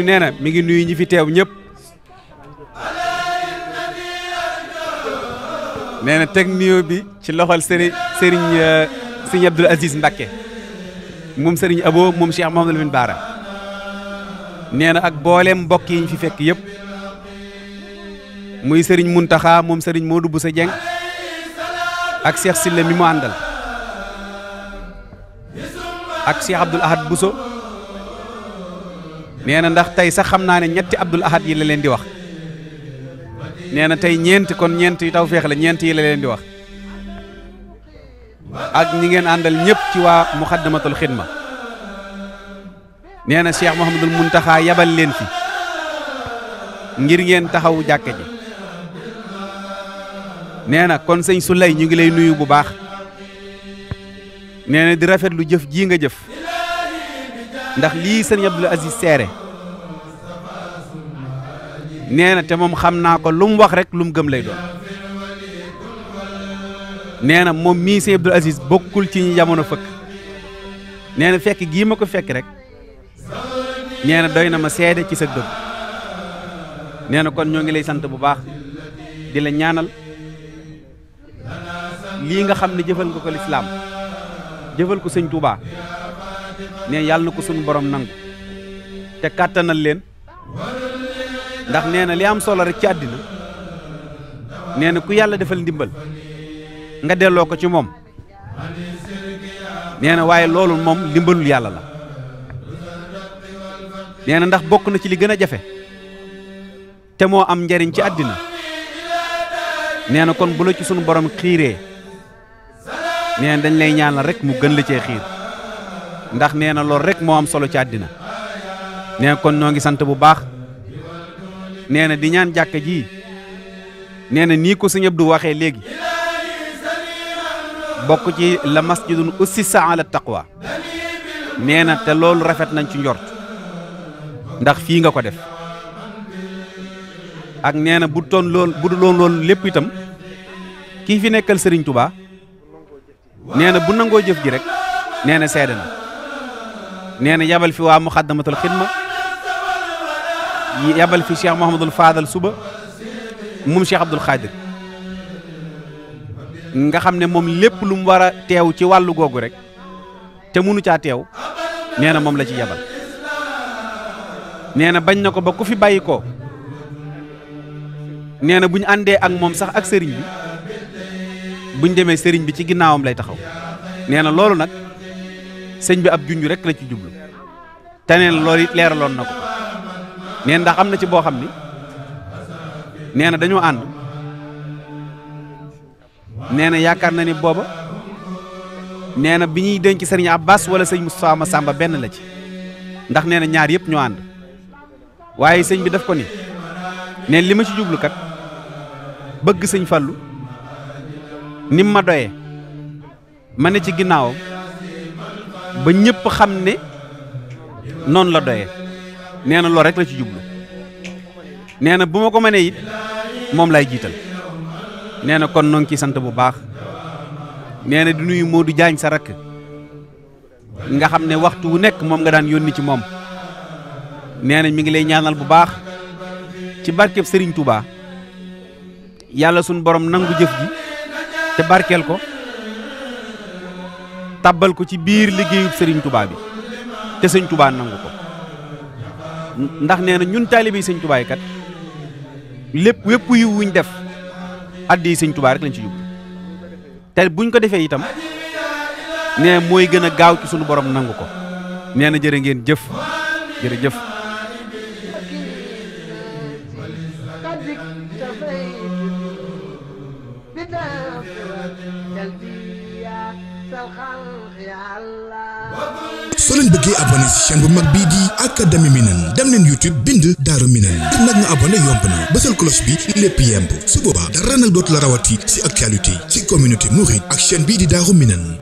nee na mi ngi nuyu ñi fi teew ñëpp nee na teg nuyoo bi ci loxol sëriñ sëriñ sëriñ Abdoul Aziz Mbacké moom sëriñ Abo moom Cheikh Mouhamadou Lamine Bara nee na ak booleem mbokk yi ñu fi fekk yëpp muy sëriñ Muntaxa moom sëriñ Modou Boussa Dieng ak Cheikh Silla mi mu àndal ak Cheikh Abdoul Ahad Bousso neena ndax tay sax xamna ne ñetti abdul ahad yi la leen di wax neena tay ñent kon ñent yi taw la ñent yi la leen di wax ak ñi ngeen andal ñepp ci wa muxaddamatul khidma neena cheikh mohammedul muntaha yabal leen fi ngir ngeen taxaw ji kon seigne sulay ñu ngi lay nuyu bu baax neena di rafet lu jëf ji nga jëf ndax lii sëriñ Abdul Aziz seere neena na te moom xam naa ko lu mu wax rek lu mu gëm lay doon nee na moom mii sëriñ Abdul Aziz bokkul ci ñi jamono fëkk nee fekk gii ma ko fekk rek nee na doy na ma seede ci sa dëgg nee na kon ñoo ngi lay sant bu baax di la ñaanal lii nga xam ne jëfal nga ko lislaam jëfal ko sëñ Touba. ne yalla kusun ko suñu borom nang te katanal len ndax neena li am solo rek ci adina neena ku yalla defal ndimbal nga delo ko ci mom neena waye waaye mom limbalul yalla la neena ndax bokku na ci li gëna jafé te mo am njariñ ci adina neena kon bu la ci sunu borom xire neena dañ lay ñaanal rek mu gën la ci ndax neena na rek mo am solo ci adina ne kon no ngi sante bu baax neena di ñaan jakk ji neena ni ko suñu Abdou waxe legi bokk ci la masjidun ussisa ala taqwa neena te loolu rafet nañ ci ndort ndax fi nga ko def ak neena bu ton loolu bu duloon loolu lepp itam ki fi nekkal Serigne Touba neena bu nango jëf ji rek neena nee na yabal fi waa muxaddamatul xidma yabal fi cheikh Mouhamadul Fadal suba moom cheikh Abdoul Khadir nga xam ne moom lépp lu mu war a teew ci wàllu googu rek te munu caa teew nee na la ci yabal nee na bañ ba ku fi bàyyi ko nee na ak moom sax ak sëriñ bi bu ñu demee sëriñ bi ci ginnaawam lay taxaw nee na loolu sëñ bi ab junj rek la ci jublu te neen loolu it leeraloon na ko ndax am na ci boo xam ni nee na dañoo ànd nee na yaakaar na ni booba nee na bi ñuy denc sëriñ Abbas wala sëñ Moustapha samba benn la ci ndax nee na ñaar yëpp ñoo ànd waaye sëñ bi daf ko ni neen li ma ci jublu kat bëgg sëñ Fallu nim ma doye ma na ci ginnaawam ba ñëpp xam ne noonu la doye nee na loolu rek la ci jublu nee na bu ma ko mënee it moom laay jiital nee na kon noo ngi ciy sant bu baax nee na di nuyu Modou Diagne sa rakk nga xam ne waxtu wu nekk moom nga daan yónni ci moom nee na mi ngi lay ñaanal bu baax ci barkeb sëriñ Touba yàlla sunu borom nangu jëf ji te barkeel ko. tabbal ko ci biir liggéeyub sëriñ tubaa bi te sëñ tubaa nangu ko ndax nee ñun taalibi yi sëñ tubaay kat lépp wépp wuñ def at di sëñ tubaa rek lañ ci jublu te buñ ko defee itam nee mooy gën a gaaw ci sunu borom nangu ko nee na jërë ngeen jëf jërëjëf soo leen bëggee abonné ci chaîne bu mag bii di académie Minane dem leen YouTube bind Daaru Minane def nag nga abonné yomb na bësal cloche bi lépp yemb su dara nag dootu la si ci actualité ci communauté mouride ak chaîne bii di Daaru Minane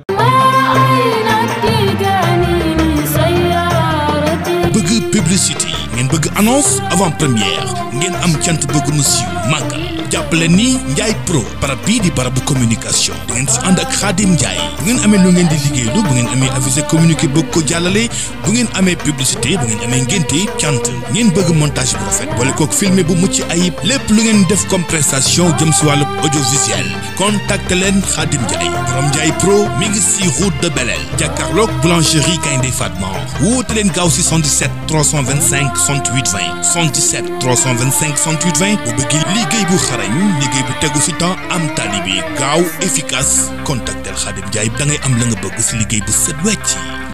bëgg publicité ngeen bëgg annonce avant première ngeen am cant bëgg mu siiw màggal jàppale ni Ndiaye Pro barab bii di barab bu communication di ngeen si ànd ak Khadim Ndiaye bu ngeen amee lu ngeen di liggéeylu bu ngeen amee avisé communiqué bëgg ko jàllale bu ngeen amee publicité bu ngeen amee ngénte cant ngeen bëgg montage bu boole kook filmé bu mucc ayib lépp lu ngeen def comme prestation jëm si wàllu contacte leen Khadim Ndiaye borom Ndiaye Pro mi ngi si route de Belel jàkkaarloog boulangerie Kayndé Fatma woote leen gaaw si 77 325 68 20 77 325 68 20 xarañ liggéey bu tegu si temps am tali bi gaaw efficace contactel Khadim Ndiaye da ngay am la nga bëgg si liggéey bu set wecc